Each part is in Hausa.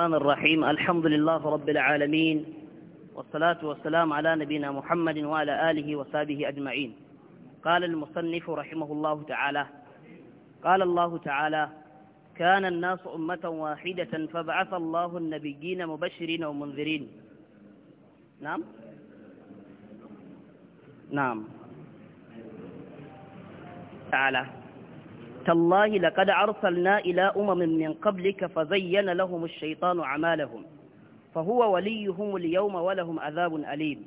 الرحمن الرحيم الحمد لله رب العالمين والصلاة والسلام على نبينا محمد وعلى آله وصحبه أجمعين قال المصنف رحمه الله تعالى قال الله تعالى كان الناس أمة واحدة فبعث الله النبيين مبشرين ومنذرين نعم نعم تعالى تالله لقد أرسلنا إلى أمم من قبلك فزين لهم الشيطان أعمالهم فهو وليهم اليوم ولهم عذاب أليم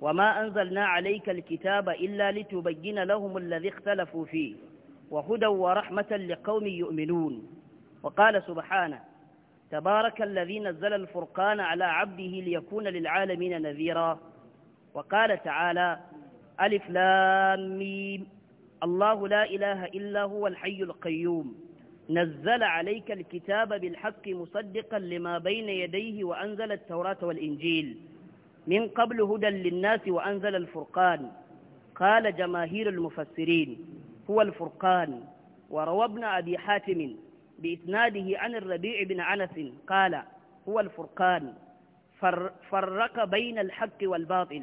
وما أنزلنا عليك الكتاب إلا لتبين لهم الذي اختلفوا فيه وهدى ورحمة لقوم يؤمنون وقال سبحانه تبارك الذي نزل الفرقان على عبده ليكون للعالمين نذيرا وقال تعالى ألف لام ميم الله لا إله إلا هو الحي القيوم نزل عليك الكتاب بالحق مصدقا لما بين يديه وأنزل التوراة والإنجيل من قبل هدى للناس وأنزل الفرقان قال جماهير المفسرين هو الفرقان وروى ابن أبي حاتم بإسناده عن الربيع بن عنس قال هو الفرقان فرق بين الحق والباطل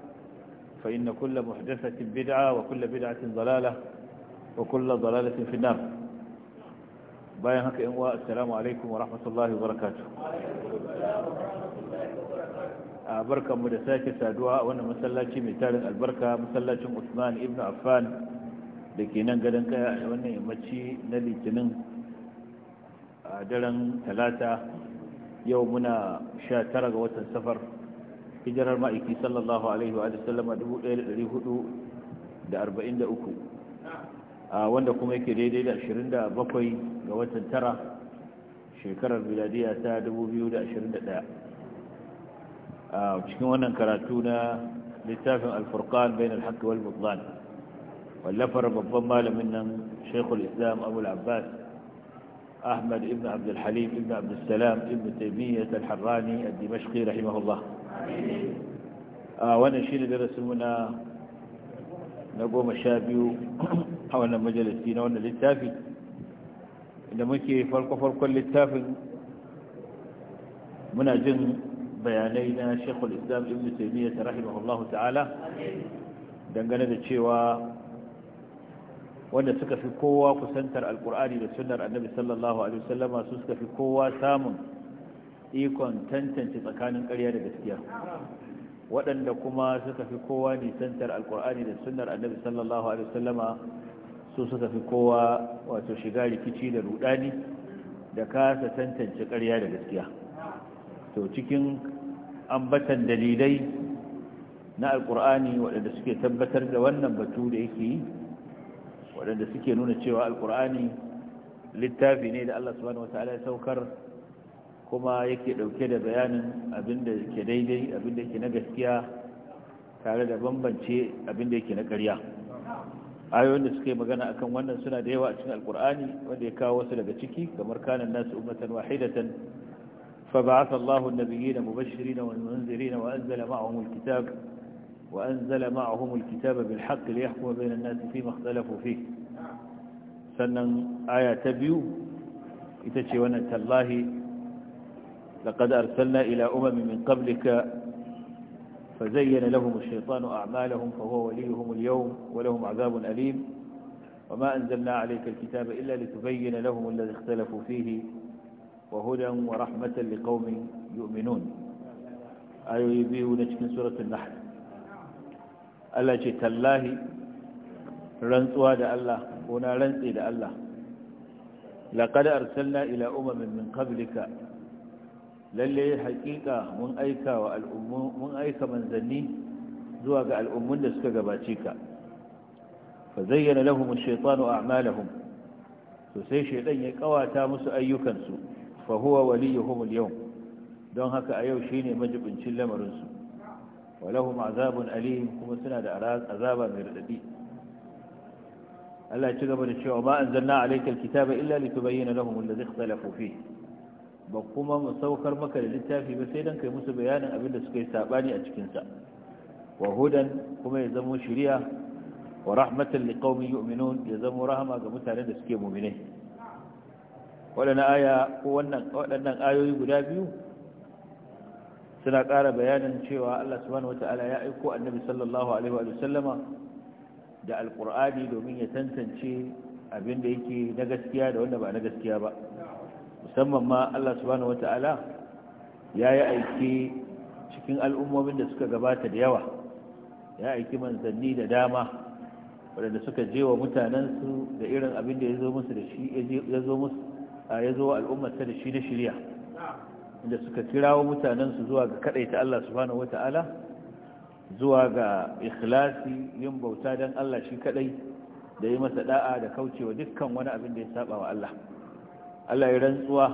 فإن كل محدثة بدعة وكل بدعة ضلالة وكل ضلالة في النار باين هكا إنواء السلام عليكم ورحمة الله وبركاته بركة مدساكة سادواء وانا مسلاتي مثال البركة مسلاتي عثمان ابن عفان لكي ننقلن كيا وانا يمتشي نلي تنن دلن ثلاثة يومنا شاترق وتنسفر hijrar ma'aiki sallallahu alaihi wa sallam sallama 1443 wanda kuma yake daidai da 27 ga watan tara shekarar miladiya ta 2021 a cikin wannan karatu na littafin alfurkan bayan alhaka wal mutlan wallafar babban malamin nan shaykhul islam abu al abbas أحمد ابن عبد الحليم ابن عبد السلام ابن تيمية الحراني الدمشقي رحمه الله a wannan shi ne darasinmu na goma sha biyu a wannan majalisi na wannan littafi inda muke farko-farkon littafin muna jin bayanai na shekul islam ibn taimiyya ta rahimahullahu ta'ala dangane da cewa wanda suka fi kowa kusantar alkur'ani da sunar annabi sallallahu alaihi wasallama su suka fi kowa samun ikon tantance tsakanin ƙarya da gaskiya waɗanda kuma suka fi kowa nisantar alkur'ani da sunnar annabi sallallahu alaihi wasallama su suka fi kowa wato shiga rikici da rudani da kasa tantance ƙarya da gaskiya to cikin ambatan dalilai na alkur'ani waɗanda suke tabbatar da wannan batu da yake yi waɗanda suke nuna cewa alkur'ani littafi ne da Allah subhanahu wataala ya saukar kuma yake ɗauke da bayanin abinda ke daidai abinda ke na gaskiya tare da bambance abinda ke na karya ayoyin da suka yi magana akan wannan suna da yawa a cikin alkur'ani wanda ya kawo wasu daga ciki kamar kanan nasu ummatan wahidatan fa ba'atha Allahu an-nabiyina mubashirina wa munzirina wa wa anzala ma'ahum al-kitab bil haqq li yahkuma bayna an-nasi fi ma sannan aya ta biyu ita ce wannan tallahi لقد أرسلنا إلى أمم من قبلك فزين لهم الشيطان أعمالهم فهو وليهم اليوم ولهم عذاب أليم وما أنزلنا عليك الكتاب إلا لتبين لهم الذي اختلفوا فيه وهدى ورحمة لقوم يؤمنون آيو يبيو نجكن سورة النحل ألا جيت الله رنسوا دا الله هنا رنسي دا الله لقد أرسلنا إلى أمم من قبلك lalle haƙiƙa mun aika wa mun aika manzanni zuwa ga al'ummun da suka gabace ka fa zayyana lahum ash-shaytanu a'malahum to sai shaytan ya kawata musu ayyukansu fa huwa waliyuhum al-yawm don haka a yau shine majibincin lamarin su wa lahum azabun alim kuma suna da azaba mai radadi Allah ya ci gaba da cewa ma anzalna alayka al-kitaba illa litubayyana lahum alladhi ikhtalafu fihi ba kuma mu saukar maka da littafi ba sai don kai musu bayanin abin da suka yi saɓani a cikinsa wa hudan kuma ya zamo shiriya wa rahmatan yu'minun ya zamo rahama ga mutanen da suke mu'minai waɗannan aya ko wannan ayoyi guda biyu suna ƙara bayanin cewa Allah subhanahu wata'ala ya aiko annabi sallallahu alaihi wa sallama da alqur'ani domin ya tantance abin da yake na gaskiya da wanda ba na gaskiya ba musamman ma Allah subhanahu wata'ala ya yi aiki cikin al'ummomin da suka gabata da yawa ya aiki manzanni da dama waɗanda suka je wa mutanensu da irin abin da ya zo musu da shi ya zo musu al'ummarsa da shi na shirya inda suka kirawo mutanensu zuwa ga kaɗaita Allah subhanahu wata'ala zuwa ga ikhlasi yin bauta don Allah shi kaɗai da yi masa da'a da kaucewa dukkan wani abin da ya saba wa Allah Allah ya rantsuwa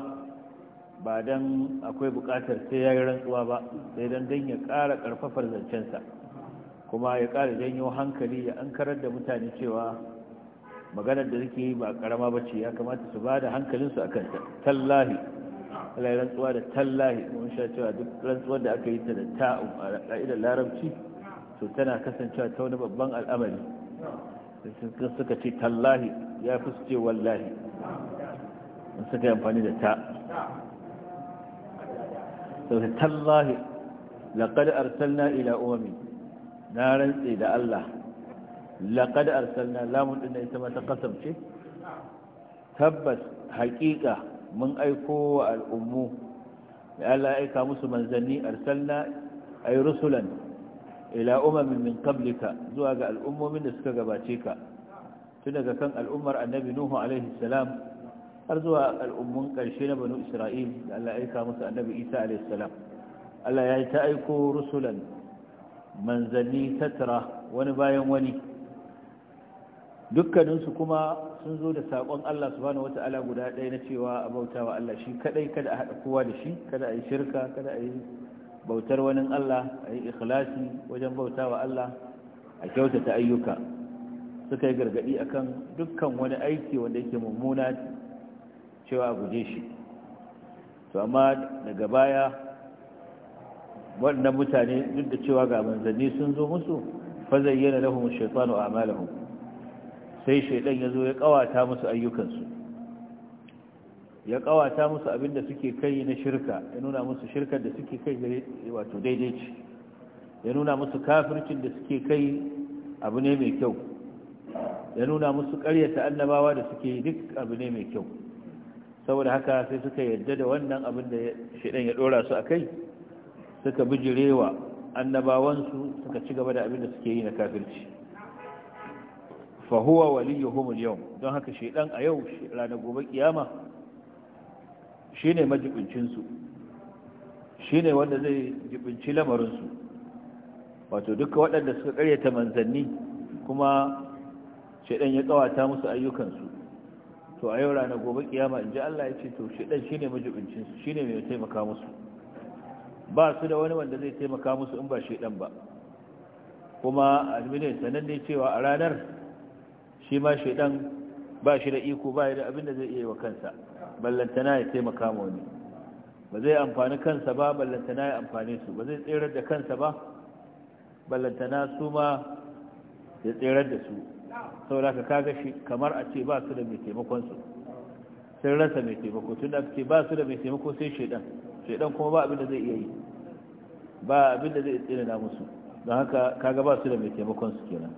ba dan akwai buƙatar sai ya yi rantsuwa ba sai dan dan ya ƙara ƙarfafar zancensa kuma ya ƙara janyo hankali ya ankarar da mutane cewa maganar da suke yi ba karama ba ce ya kamata su ba da hankalinsu a kanta tallahi ala rantsuwa da tallahi mun sha cewa duk rantsuwar da aka yi ta da ta'un a ƙa'idar larabci to tana kasancewa ta wani babban al'amari suka ce tallahi ya fi su ce wallahi suka yi amfani da ta sauke tallahi laƙad arsalna ila umami na rantse da Allah laƙad arsalna lamun ɗin da ita mata kasance tabbas haƙiƙa mun aiko wa al'ummu da Allah aika musu manzanni arsalna ay rusulan ila umamin min qablika zuwa ga al'ummomin da suka gabace ka tun daga kan al'ummar annabi nuhu alaihi salam har zuwa al'ummun ƙarshe na banu isra'il da Allah ya aika musu annabi isa alaihissalam Allah ya yi ta aiko rusulan manzanni tattara wani bayan wani dukkaninsu kuma sun zo da saƙon Allah subhanahu wata'ala guda ɗaya na cewa a bauta wa Allah shi kaɗai kada a haɗa kowa da shi kada a yi shirka kada a yi bautar wani Allah a yi ikhlasi wajen bauta wa Allah a kyautata ayyuka suka yi gargaɗi akan dukkan wani aiki wanda yake mummuna cewa a guje shi to amma daga baya wannan mutane duk da cewa ga manzanni sun zo musu fazayyana lahum shaytanu a'malahum sai shaytan yazo ya kawata musu ayyukansu ya kawata musu abinda suke kai na shirka ya nuna musu shirkar da suke kai wato daidai ce ya nuna musu kafircin da suke kai abu ne mai kyau ya nuna musu ƙaryata annabawa da suke duk abu ne mai kyau saboda haka sai suka yadda da wannan abin da ɗan ya ɗora su a kai, suka bijirewa annabawansu suka ci gaba da abin da suke yi na kafirci fahuwa waliyu humul yau don haka ɗan a yau ranar gobe kiyama ne majibincinsu shi ne wanda zai jibinci lamarinsu. wato duka waɗanda suka karyata manzanni kuma ɗan ya tsawata musu ayyukansu. to a yau ranar gobe kiyama in ji Allah ya ce to shi dan shine majibincin su shine mai taimaka musu ba su da wani wanda zai taimaka musu in ba shi dan ba kuma alminin ne cewa a ranar shi ma shi dan ba shi da iko ba da abin da zai iya wa kansa ballantana ya taimaka ma wani ba zai amfani kansa ba ballantana ya amfane su ba zai tserar da kansa ba ballantana su ma ya tserar da su saboda ka kaga shi kamar a ce ba su da mai taimakon su sun rasa mai taimako tun da ce ba su da mai taimako sai shaidan shaidan kuma ba abin da zai iya yi ba abin da zai tsina musu don haka kaga ba su da mai taimakon su kenan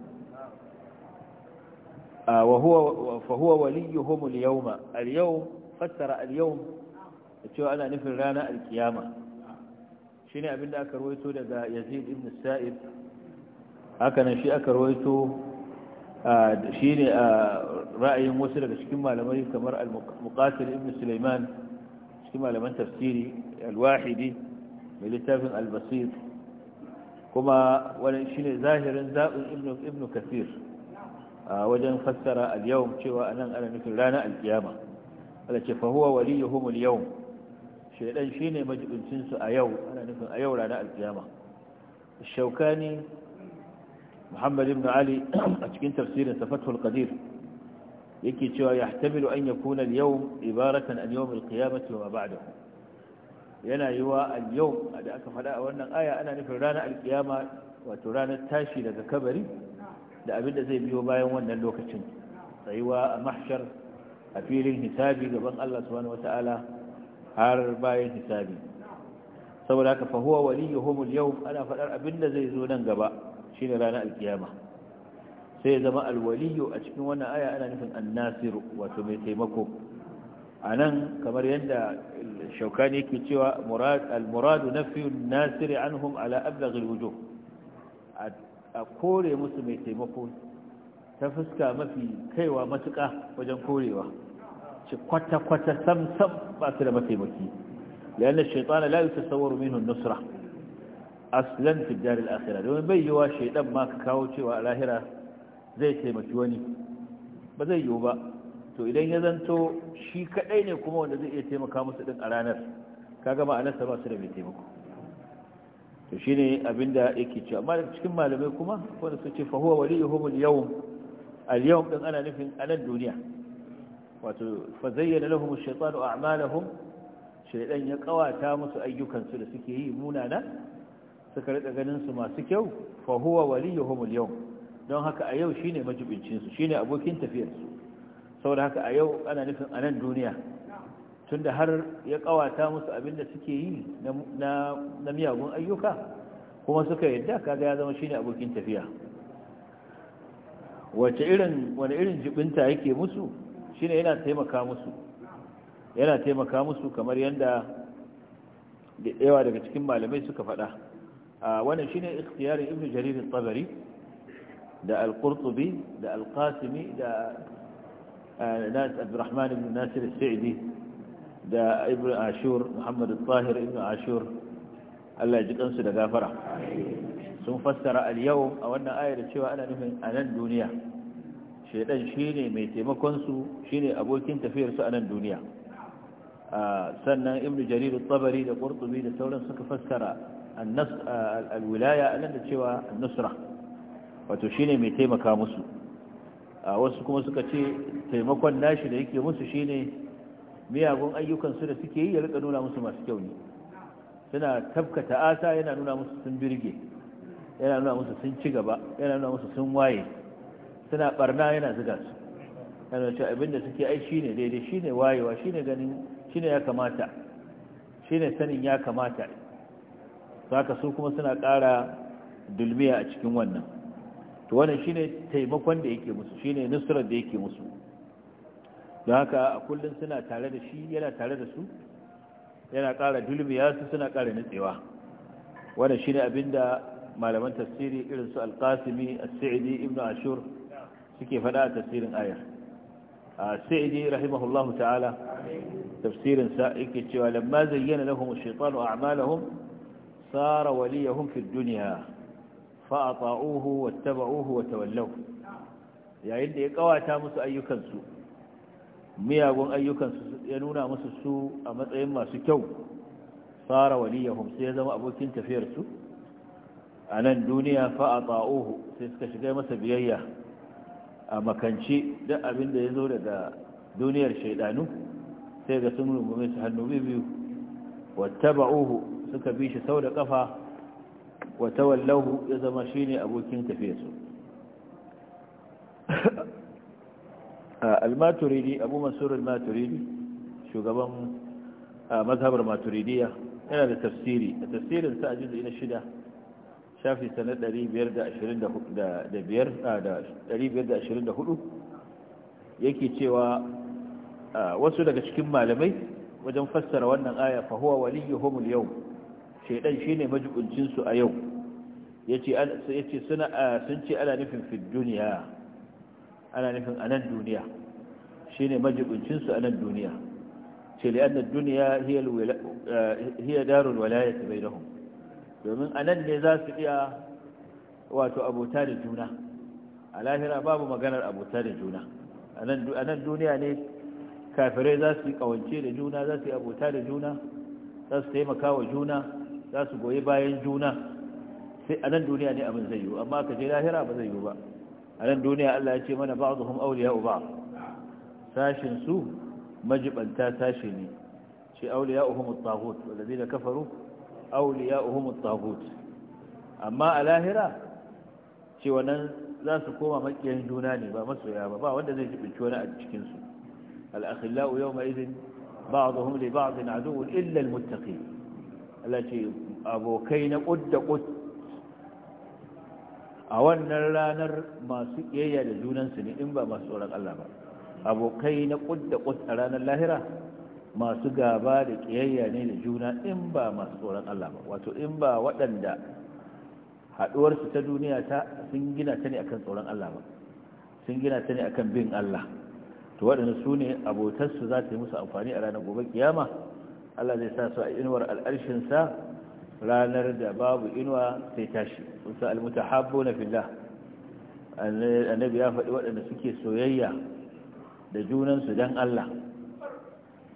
wa huwa fa huwa waliyuhum al al-yawm fassara al-yawm cewa ana nufin ranar al-qiyama shine abin da aka rawaito daga Yazid ibn Sa'id haka nan shi aka rawaito shi ne ra'ayin wasu daga cikin malamai kamar al-muqatil ibn sulaiman cikin malaman tafsiri al-wahidi mai littafin al-basir kuma wani shi ne zahirin zaɓin ibn kasir a wajen fassara al-yawm cewa a nan ana nufin rana alkiyama ala ce fahuwa ya al-yawm shaidan shi ne majibincinsu a yau ana nufin a yau ranar alkiyama shaukani muhammad ibn ali a cikin tafsirin safatul qadir yake cewa yahtamilu an yakuna al-yawm ibaratan an yawm al-qiyamati wa yana yiwa al-yawm da aka faɗa a wannan aya ana nufin rana al-qiyama wato ranar tashi daga kabari da abin da zai biyo bayan wannan lokacin tsayuwa a mahshar a filin hisabi gaban Allah Wata wata'ala harar bayan hisabi saboda haka fa huwa waliyuhum al-yawm ana faɗar abin da zai zo nan gaba shine ranar alkiyama sai ya zama alwaliyu a cikin wannan aya ana nufin annasir wato mai taimako a nan kamar yadda shaukani yake cewa Al-Muradu na fiye nasiri an hum ala ablaghil wujo a kore musu mai taimako ta fuska mafi kaiwa matuka wajen korewa ci kwata-kwata sam-sam ba su da mataimaki liyan da shaitana la yi tasawar minhun nusra aslan fi daril domin bai yiwa shaidan ma ka kawo cewa alahira zai taimaki wani ba zai yiwu ba to idan ya zanto shi kadai ne kuma wanda zai iya taimaka musu din a ranar ka gama a nasa ba su da mai taimako to shine abinda yake cewa amma cikin malamai kuma wanda su ce fa huwa waliyuhum al-yawm al ana nufin anan duniya wato fa zayyana lahum shaitanu a'malahum shaydan ya kawata musu ayyukansu da suke yi munana suka rika ganin su masu kyau fa huwa waliyuhum al-yawm don haka a yau shine majibincin su shine abokin tafiyar su saboda haka a yau ana nufin a nan duniya tunda har ya kawata musu abin da suke yi na na miyagun ayyuka kuma suka yadda kaga ya zama shine abokin tafiya wace irin wani irin jibinta yake musu shine yana taimaka musu yana taimaka musu kamar yadda da yawa daga cikin malamai suka faɗa wannan shine ikhtiyari ibnu jarir at-tabari da al-qurtubi da al-qasimi da nas abdurrahman ibn nasir as-sa'di da ibnu ashur muhammad tahir ibnu ashur Allah ya ji kansu da gafara sun fassara al-yau a wannan ayar cewa ana nufin anan duniya shedan shine mai taimakon su shine abokin tafiyar su anan duniya sannan ibnu jarir at-tabari da qurtubi da sauran suka fassara alwilaya nan da cewa nusra wato shine mai taimaka musu a wasu kuma suka ce taimakon nashi da yake musu shine miyagun ayyukansu da suke yi ya rika nuna musu masu kyau ne suna tabka ta'asa yana nuna musu sun birge yana nuna musu sun ci gaba yana nuna musu sun waye suna barna yana ziga su yana ce abinda suke ai shine daidai shine wayewa shine ganin shine ya kamata shine sanin ya kamata saka su kuma suna ƙara dulmiya a cikin wannan to wannan shine taimakon da yake musu shine nusrar da yake musu don haka a kullum suna tare da shi yana tare da su yana ƙara dulmiya su suna ƙara nutsewa wannan shine abinda malaman tafsiri irin su alqasimi as-sa'idi ibnu ashur suke faɗa a tafsirin ayar السعدي رحمه الله تعالى تفسير سائك ولما زين لهم الشيطان amalahum sara waliyahum fi dunya fa ata'uhu wattaba'uhu wa tawallaw yayin da ya kawata musu ayyukansu miyagun ayyukansu ya nuna musu su a matsayin masu kyau sara waliyahum sai ya zama abokin tafiyarsu a nan duniya fa ata'uhu sai suka shiga masa biyayya a makanci duk abin ya zo daga duniyar shaidanu sai ga sun rungume su hannu biyu wattaba'uhu suka bi shi sau da kafa wa tawallahu ya zama shine abokin su. al-maturidi abu mansur al-maturidi shugaban mazhabar maturidiya yana da tafsiri a tafsirin sa ajizu ina shida shafi sanar 524 yake cewa wasu daga cikin malamai wajen fassara wannan aya fa huwa waliyuhum al-yawm shaidan shine majibincin su a yau yace yace sun ce ana nufin duniya ana nufin a nan duniya shine majibincin su nan duniya ce li anna duniya hiya hiya darul walayati bainahum domin a nan ne za su iya wato abota da juna a lahira babu maganar abota da juna a nan duniya ne kafirai za su yi kawance da juna za su yi abota da juna za su taimaka wa juna za su goyi bayan juna sai a nan duniya ne abin zai yiwu amma ka je lahira ba zai yiwu ba a nan duniya Allah ya ce mana ba ba'dhum awliya ba sashin su majibanta sashi ne ce shi awliya'uhum at-taghut wallazina kafaru awliya'uhum at-taghut amma a lahira ce wannan za su koma makiyan juna ne ba masoya ba ba wanda zai ji jibinci wani a cikin su al-akhillau yawma idhin ba'dhum li ba'dhin aduwwun illa al-muttaqin Allah abokai na ƙudda ƙud a wannan ranar masu ƙiyayya da junansu ne in ba masu tsoron Allah ba abokai na ƙudda ƙud a ranar lahira masu gaba da ƙiyayya ne da juna in ba masu tsoron Allah ba wato in ba waɗanda haɗuwarsu ta duniya ta sun gina ta ne akan tsoron Allah ba sun gina ta ne akan bin Allah to waɗanda su ne abotarsu za ta yi musu amfani a ranar gobe kiyama Allah zai sa su a inuwar al'arshinsa ranar da babu inuwa sai tashi almuta, almutahabbu na fillah annabi ya faɗi waɗanda suke soyayya da junansu don Allah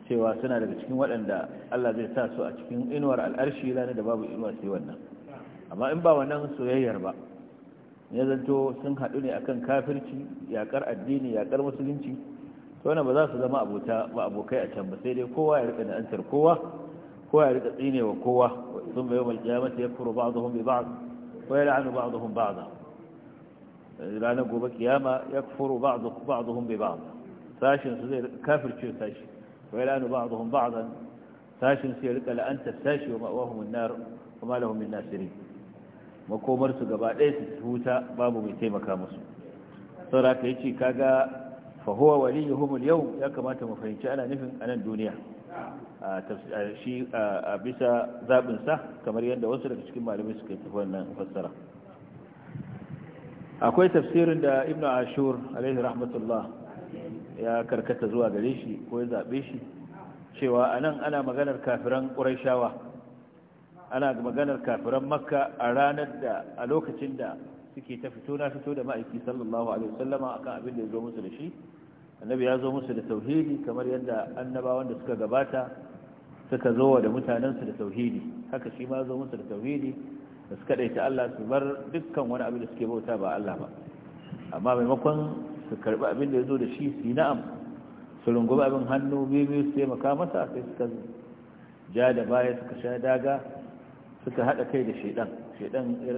cewa suna daga cikin waɗanda Allah zai sa su a cikin inuwar al'arshi ranar da babu inuwa sai wannan amma in ba wannan soyayyar ba ya zanto sun haɗu ne akan kafirci yaƙar addini yaƙar musulunci wannan ba za su zama abota ba abokai a can ba sai dai kowa ya rika da'antar kowa kowa ya rika tsine wa kowa sun ya ranar gobe kiyama ya sashin su zai kafirce sashi sashin su ya rika la'antar sashi wa wa gaba ɗaya su huta babu mai taimaka musu saboda ka kaga fa huwa waliyuhum al-yawm ya kamata mu fahimci ana nufin anan nan duniya shi a bisa zabin sa kamar yadda wasu daga cikin malamai suka tafi wannan fassara akwai tafsirin da ibnu ashur alaihi rahmatullah ya karkata zuwa gare shi ko ya zabe shi cewa anan ana maganar kafiran quraishawa ana maganar kafiran makka a ranar da a lokacin da suke ta fito na fito da ma'aiki sallallahu alaihi wasallama akan abin da ya zo musu da shi annabi ya zo musu da tauhidi kamar yadda annabawan da suka gabata suka zo da mutanensu da tauhidi haka shi ma zo musu da tauhidi da suka ɗaita Allah su bar dukkan wani abin da suke bauta ba Allah ba amma maimakon su karɓi abin da ya zo da shi su yi na'am su rungumi abin hannu biyu su taimaka masa sai suka ja da baya suka sha daga suka haɗa kai da shaidan shaidan ya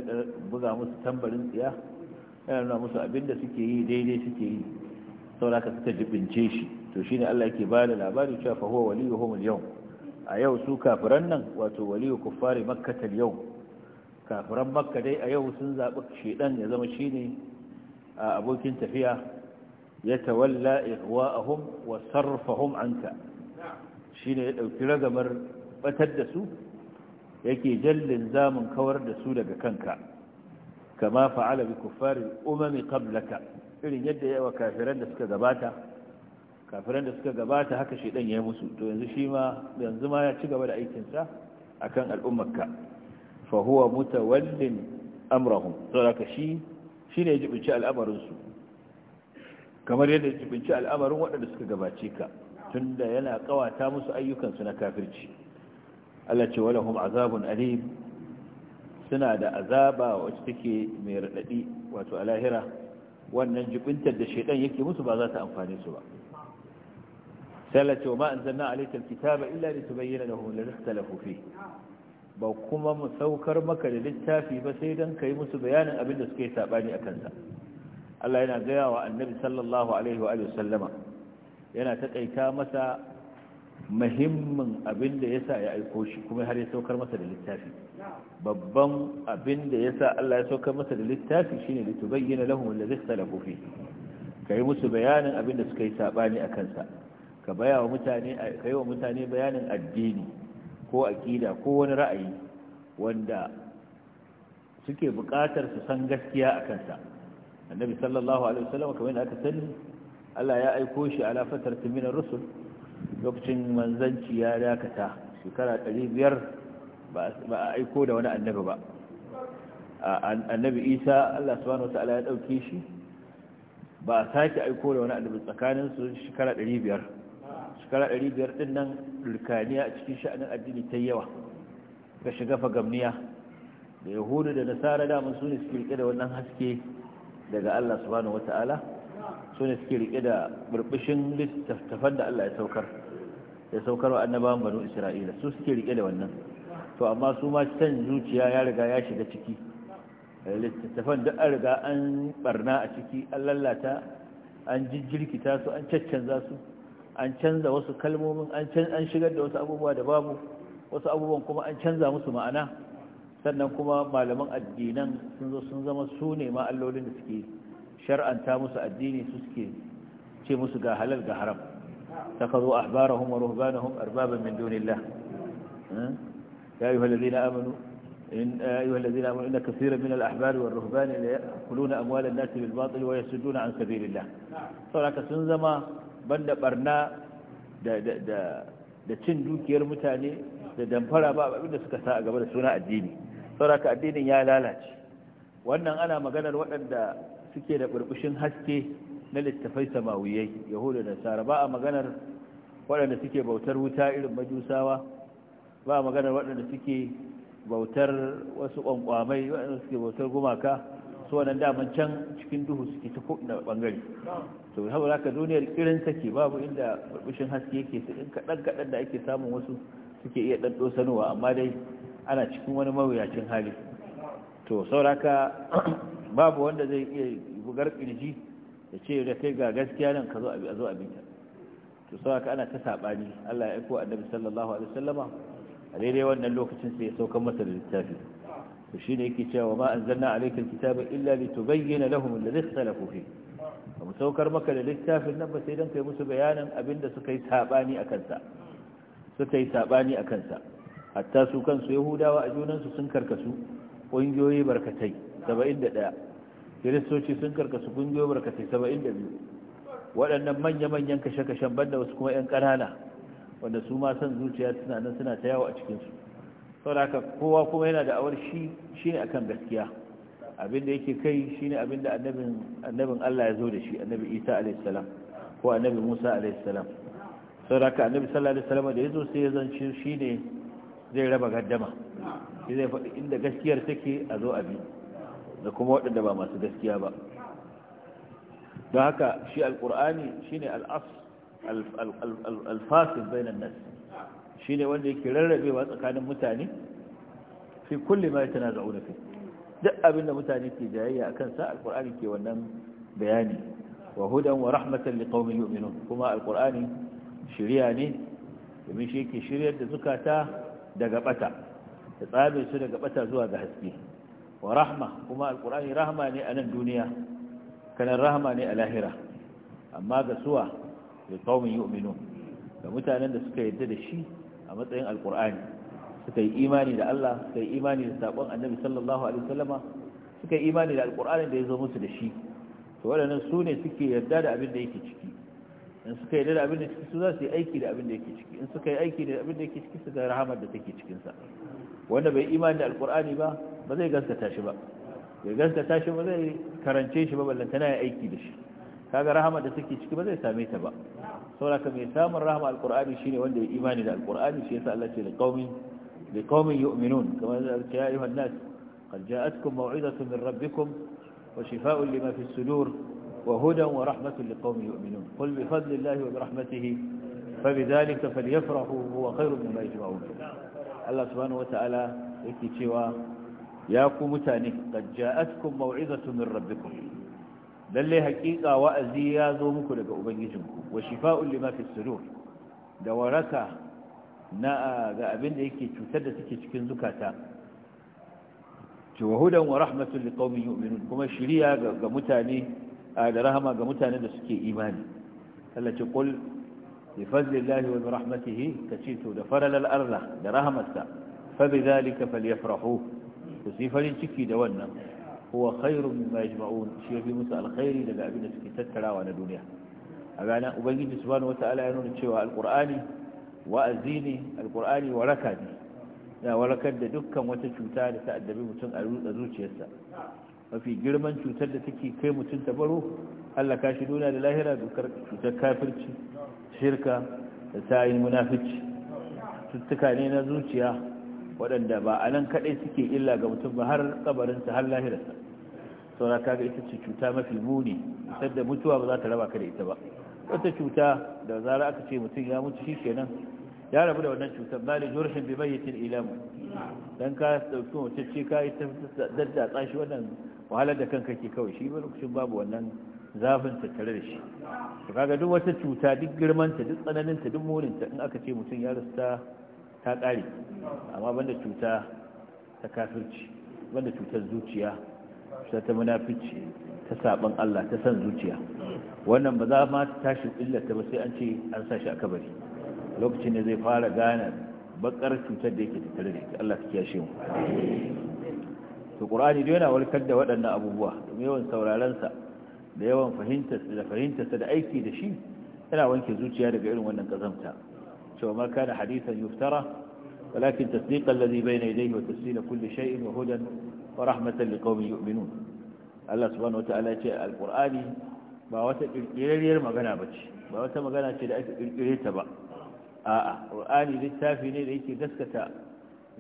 buga musu tambarin tsiya yana nuna musu abinda suke yi daidai suke yi sauraka suka jibince shi to shi ne Allah yake ba da labari cewa fa huwa waliyuhum al-yawm a yau su kafiran nan wato waliyu kuffari makkah al-yawm kafiran makka dai a yau sun zabi shaidan ya zama a abokin tafiya ya tawalla ihwa'ahum wa sarfahum anka shine ya dauki ragamar batar da su yake jallin zamun kawar da su daga kanka kama fa'ala bi kuffari umami qablaka irin yadda yawa kafiran da suka gabata kafiran da suka gabata haka shedan ya musu to yanzu shi ma yanzu ma ya ci gaba da aikin sa akan al'ummarka fa huwa mutawallin amrahum haka shi shine ya jibinci al'amarin su kamar yadda ya jibinci al'amarin waɗanda suka gabace ka tunda yana kawata musu ayyukan su na kafirci Allah ce wala azabun alim suna da azaba wacce take mai raɗaɗi wato a lahira wannan jibintar da shaidan yake musu ba za ta amfani su ba sallace wa ma anzalna alayka alkitaba illa litubayyana lahum alladhi ikhtalafu fihi ba kuma mu saukar maka da littafi ba sai dan yi musu bayanin abin da suka yi a kansa sa Allah yana gaya wa annabi sallallahu alaihi wa sallama yana taƙaita masa muhimmin abin da ya sa ya aiko shi kuma har ya saukar masa da littafi babban abin da ya sa Allah ya saukar masa da littafi shine da tu bayyana lahum allazi ikhtalafu fi kai musu bayanin abin da suka yi sabani a kansa ka baya wa mutane kai wa mutane bayanin addini ko aqida ko wani ra'ayi wanda suke buƙatar su san gaskiya a kansa annabi sallallahu alaihi wasallam kamar yadda aka sani Allah ya aiko shi ala fatar min rusul lokacin manzanci ya dakata shekara ɗari biyar ba a aiko da wani annabi ba annabi isa allah subhanahu wata'ala ya ɗauke shi ba a sake aiko da wani annabi tsakanin su shekara ɗari biyar shekara ɗari biyar ɗin nan rikaniya a cikin sha'anin addini ta yawa ga shiga fagamniya da yahudu da nasara damar su ne suke rike da wannan haske daga allah su wani wata'ala su ne suke rike da burbushin littattafan da Allah ya saukar ya saukar wa annabawan banu isra'ila su suke rike da wannan to amma su ma can zuciya ya riga ya shiga ciki eh, littattafan duk an riga an barna a ciki an lallata an jijjirkita su an caccanza su an canza wasu kalmomin an shigar da wasu abubuwa da babu wasu abubuwan kuma an canza musu ma'ana sannan kuma malaman addinan sun zo sun zama su ne ma allolin da suke shar'anta musu addini su suke ce musu ga halal ga haram a takazu ahbarahum wa ruhbanahum arbaban min dunillah hmm? ya yi ayyuhal ladina amanu إن أيها الذين آمنوا إن كثيرا من الأحبار والرهبان يأكلون أموال الناس بالباطل ويسدون عن an الله saboda sun zama banda barna da da da da cin dukiyar mutane da damfara ba abin da suka sa a gaba da suna addini saboda addinin ya lalace wannan ana maganar waɗanda suke da burbushin haske na littafai samawiyai yahudu da nasara ba a maganar waɗanda suke bautar wuta irin majusawa ba a maganar waɗanda suke bautar wasu ƙwanƙwamai waɗanda suke bautar gumaka su wannan daman can cikin duhu suke ta na ɓangare to haɓar haka duniyar irin take babu inda burbushin haske yake su in kaɗan kaɗan da ake samun wasu suke iya ɗaɗɗo sanowa amma dai ana cikin wani mawuyacin hali to sauraka babu wanda zai iya bugar kirji da ce da kai ga gaskiya nan ka zo a zo abinta to sai ka ana ta sabani Allah ya aiko annabi sallallahu alaihi wasallama a daidai wannan lokacin sai ya sauka masa da littafi to shine yake cewa ma anzalna alayka alkitaba illa litubayyana lahum alladhi ikhtalafu fihi mu saukar maka da littafin nan ba sai dan kai musu bayanin abinda suka yi sabani akan sa suka yi sabani akan sa hatta su kansu yahudawa a junansu sun karkasu ƙungiyoyi barkatai 71 kiristoci sun karkasu kungiyoyi barkatai 72 waɗannan manya-manyan kashe-kashen banda wasu kuma 'yan ƙanana wanda su ma son zuciya suna nan suna ta yawo a cikinsu sauraka kowa kuma yana da awar shi shi ne akan gaskiya abin da yake kai shi ne abin da annabin Allah ya zo da shi annabi isa alaihissalam ko annabi musa alaihissalam saboda haka annabi sallallahu alaihi da ya zo sai ya zance shi ne zai raba gaddama shi zai faɗi inda gaskiyar take a zo abin da kuma waɗanda ba masu gaskiya ba don haka shi alƙur'ani shi ne alfasin bainan nas shi ne wanda yake rarrabewa tsakanin mutane fi kulle ma tana zaune fi duk abinda mutane ke jayayya a kansa alƙur'ani ke wannan bayani wa hudan wa rahmatan li qaumin yu'minun kuma alƙur'ani shiriya ne domin shi yake shiryar da zukata daga bata da tsabe su daga bata zuwa ga haske wa rahma kuma alkur'ani rahma ne a nan duniya kanan rahma ne a lahira amma ga suwa da kawun yu'minu Da mutanen da suka yadda da shi a matsayin alkur'ani suka yi imani da Allah suka yi imani da saƙon annabi sallallahu alaihi wasallama suka yi imani da alkur'ani da ya zo musu da shi to waɗannan su ne suke yarda da abin da yake ciki in suka yarda da abin da ciki su za su yi aiki da abin da yake ciki in suka yi aiki da abin da yake ciki su ga rahamar da take cikinsa wanda bai imani da alkur'ani ba ba zai gaskata shi ba bai gaskata shi ba zai karance shi ba tana ya aiki da shi kaga rahama da take ciki ba zai same ta ba saboda mai samun rahama alqur'ani shine wanda ya imani da alqur'ani shi yasa Allah ce da qaumin da qaumin yu'minun kamar da ya ayyuhan nas qad ja'atkum maw'izatun min rabbikum wa shifaa'un lima fi sudur wa hudan wa rahmatun liqaumin yu'minun qul bi fadlillahi wa bi rahmatihi fabidhalika falyafrahu huwa khairun mimma yajma'un Allah subhanahu wa ta'ala yake cewa ya ku mutane qad ja'atkum maw'izatu min rabbikum lalle haqiqa wa'azi ya zo muku daga ubangijinku wa shifa'un lima fi sudur da waraka na ga abin da yake cutar da suke cikin zukata wa hudan wa rahmatul liqaumin yu'minun kuma shiriya ga mutane da rahama ga mutane da suke imani Allah ce qul bi fadlillahi wa bi rahmatihi kace to da faralal arda da rahmatsa fa bi zalika falyafrahu to su yi farin ciki da wannan huwa khairu mimma yajma'un shi yafi musu alkhairi daga abin da suke tattarawa na duniya a gana ubangiji subhanahu wata'ala ya nuna cewa alqur'ani wa'azi ne alqur'ani waraka ne ya warakar da dukkan wata cuta da ta addabi mutum a zuciyarsa mafi girman cutar da take kai mutum ta baro Allah ka shi duniya da lahira dukkan cutar kafirci shirka da sayin munafici tuttuka ne na zuciya waɗanda ba a nan kaɗai suke illa ga mutum ba har kabarinsa har lahirarsa saura kaga ita ce cuta mafi muni da mutuwa ba za ta raba ka da ita ba wata cuta da zara aka ce mutum ya mutu shi kenan ya rabu da wannan cutar malin jurshin bi bayyatin ilamu dan ka dauki wace ce ka yi ta daddatsa shi wannan wahalar da kanka ke kawai shi ba lokacin babu wannan zafin tattare da shi to kaga duk wata cuta duk girmanta duk tsananinta duk murinta in aka ce mutum ya rasta ta ƙare amma banda cuta ta kafirci banda cutar zuciya cuta ta munafici ta saban Allah ta san zuciya wannan ba za ma ta tashi illata ba sai an ce an sa shi a kabari lokacin ne zai fara gane bakar cutar da yake tattare da ita Allah ta kiyashe mu to qur'ani dai yana warkar da waɗannan abubuwa domin yawan sauraron sa da yawan fahimtar da fahimtar da aiki da shi yana wanke zuciya daga irin wannan kazamta cewa da kana hadisan yuftara walakin tasdiqa alladhi bayna yadayhi wa tafsila kulli shay'in wa hudan wa rahmatan liqaumin yu'minun Allah subhanahu wataala ya ce alqur'ani ba wata kirkirarriyar magana bace ba wata magana ce da ake kirkire ta ba a'a qur'ani littafi ne da yake gaskata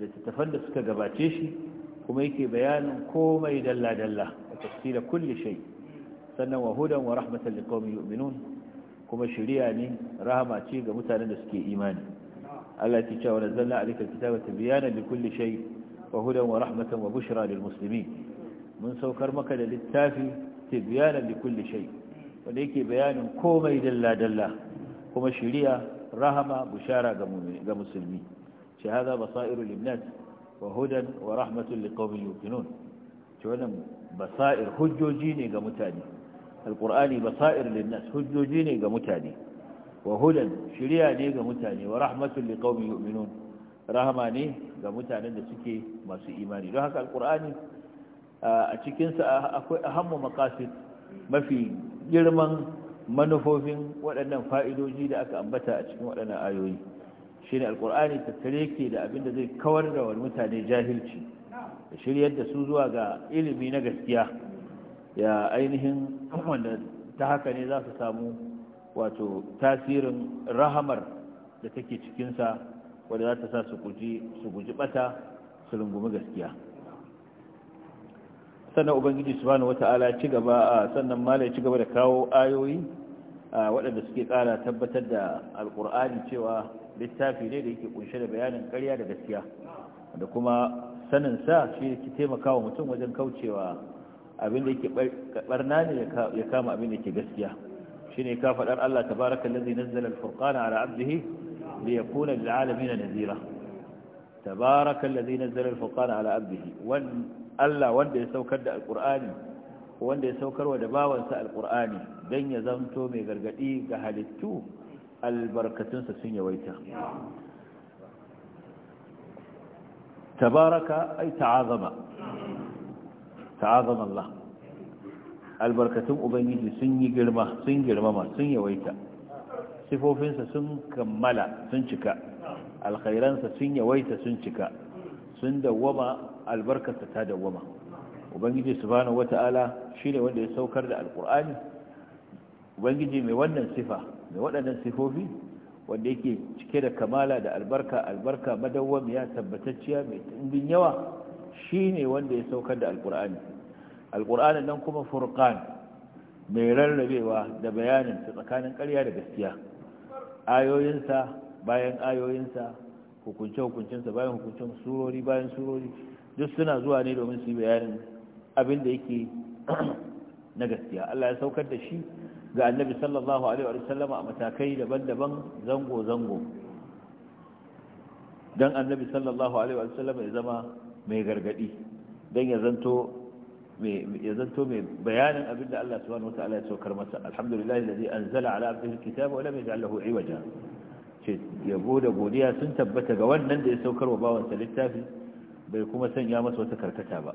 littattafan da suka gabace shi kuma yake bayanin komai dalla-dalla a tafsira sannan wa hudan wa rahmatan kuma shari'a ne rahama ce ga mutanen da suke imani Allah ya ce wa nazzalna alayka alkitaba tibyana likulli shay wa hudan wa rahmatan wa bushra lil muslimin mun saukar maka da littafi tibyana likulli shay wanda yake bayanin komai dalla dalla kuma shari'a rahama bushara ga ga musulmi shi hada basairu linnas wa hudan wa rahmatan liqaumin yuqinun to wannan basair hujjoji ne ga mutane alqur'ani basa'ar linnas hujjoji ne ga mutane wa shirya ne ga mutane wa rahmatul liqaumin rahama ne ga mutanen da suke masu imani don haka alqur'ani a cikin sa akwai ahammu maqasid mafi girman manufofin waɗannan fa'idodi da aka ambata a cikin waɗannan ayoyi shi ne alƙur'ani tattare ke da abinda zai kawar da wani mutane jahilci da shiryar da su zuwa ga ilimi na gaskiya ya ainihin wanda ta haka ne za su samu wato tasirin rahamar da take cikinsa wadda za ta sa su guji bata su rungumi gaskiya sannan ubangiji subhanahu wata'ala ci gaba a sannan malai ci gaba da kawo ayoyi a waɗanda suke ƙara tabbatar da alƙur'ani cewa littafi ne da yake kunshe da bayanin karya da gaskiya da kuma sanin sa shi ke wa mutum wajen kaucewa abin da yake barna ne ya kama abin da yake gaskiya shine ka fadar Allah tabaaraka allazi nazzala al-furqana ala 'abdihi liyakuna lil 'alamin nadhira tabaaraka allazi nazzala al-furqana ala 'abdihi Allah wanda ya saukar da al wanda ya saukarwa da bawansa al-Qur'ani dan ya zanto mai gargadi ga halittu albarkatunsa sun yawaita tabaraka ay ta'azama ta'azam Allah albarkatun ubangiji sun yi girma sun girmama sun yawaita sifofinsa sun kammala sun cika alkhairansa sun yawaita sun cika sun dawwama albarkarsa ta dawwama ubangiji subhanahu wata'ala ne wanda ya saukar da alkur'ani ubangiji mai wannan sifa mai waɗannan sifofi wanda yake cike da kamala da albarka albarka madawwamiya tabbatacciya mai ɗimbin yawa Shi ne wanda ya saukar da alkur'ani alkur'ani nan kuma furqan mai rarrabewa da bayanin tsakanin ƙarya da gaskiya ayoyinsa bayan ayoyinsa hukunce-hukuncensa bayan hukuncin surori bayan surori duk suna zuwa ne domin su yi bayanin abin da yake na gaskiya Allah ya saukar da shi ga annabi sallallahu alaihi wa sallama a matakai daban-daban zango-zango don annabi sallallahu alaihi wa sallam ya zama mai gargadi don ya zanto mai bayanin abin da Allah subhanahu wata'ala ya saukar masa alhamdulillah zai anzala ala abdihi alkitaba wa lam yaj'al lahu wajen ce yabo da godiya sun tabbata ga wannan da ya saukar wa bawansa littafi bai kuma sanya masa wata karkata ba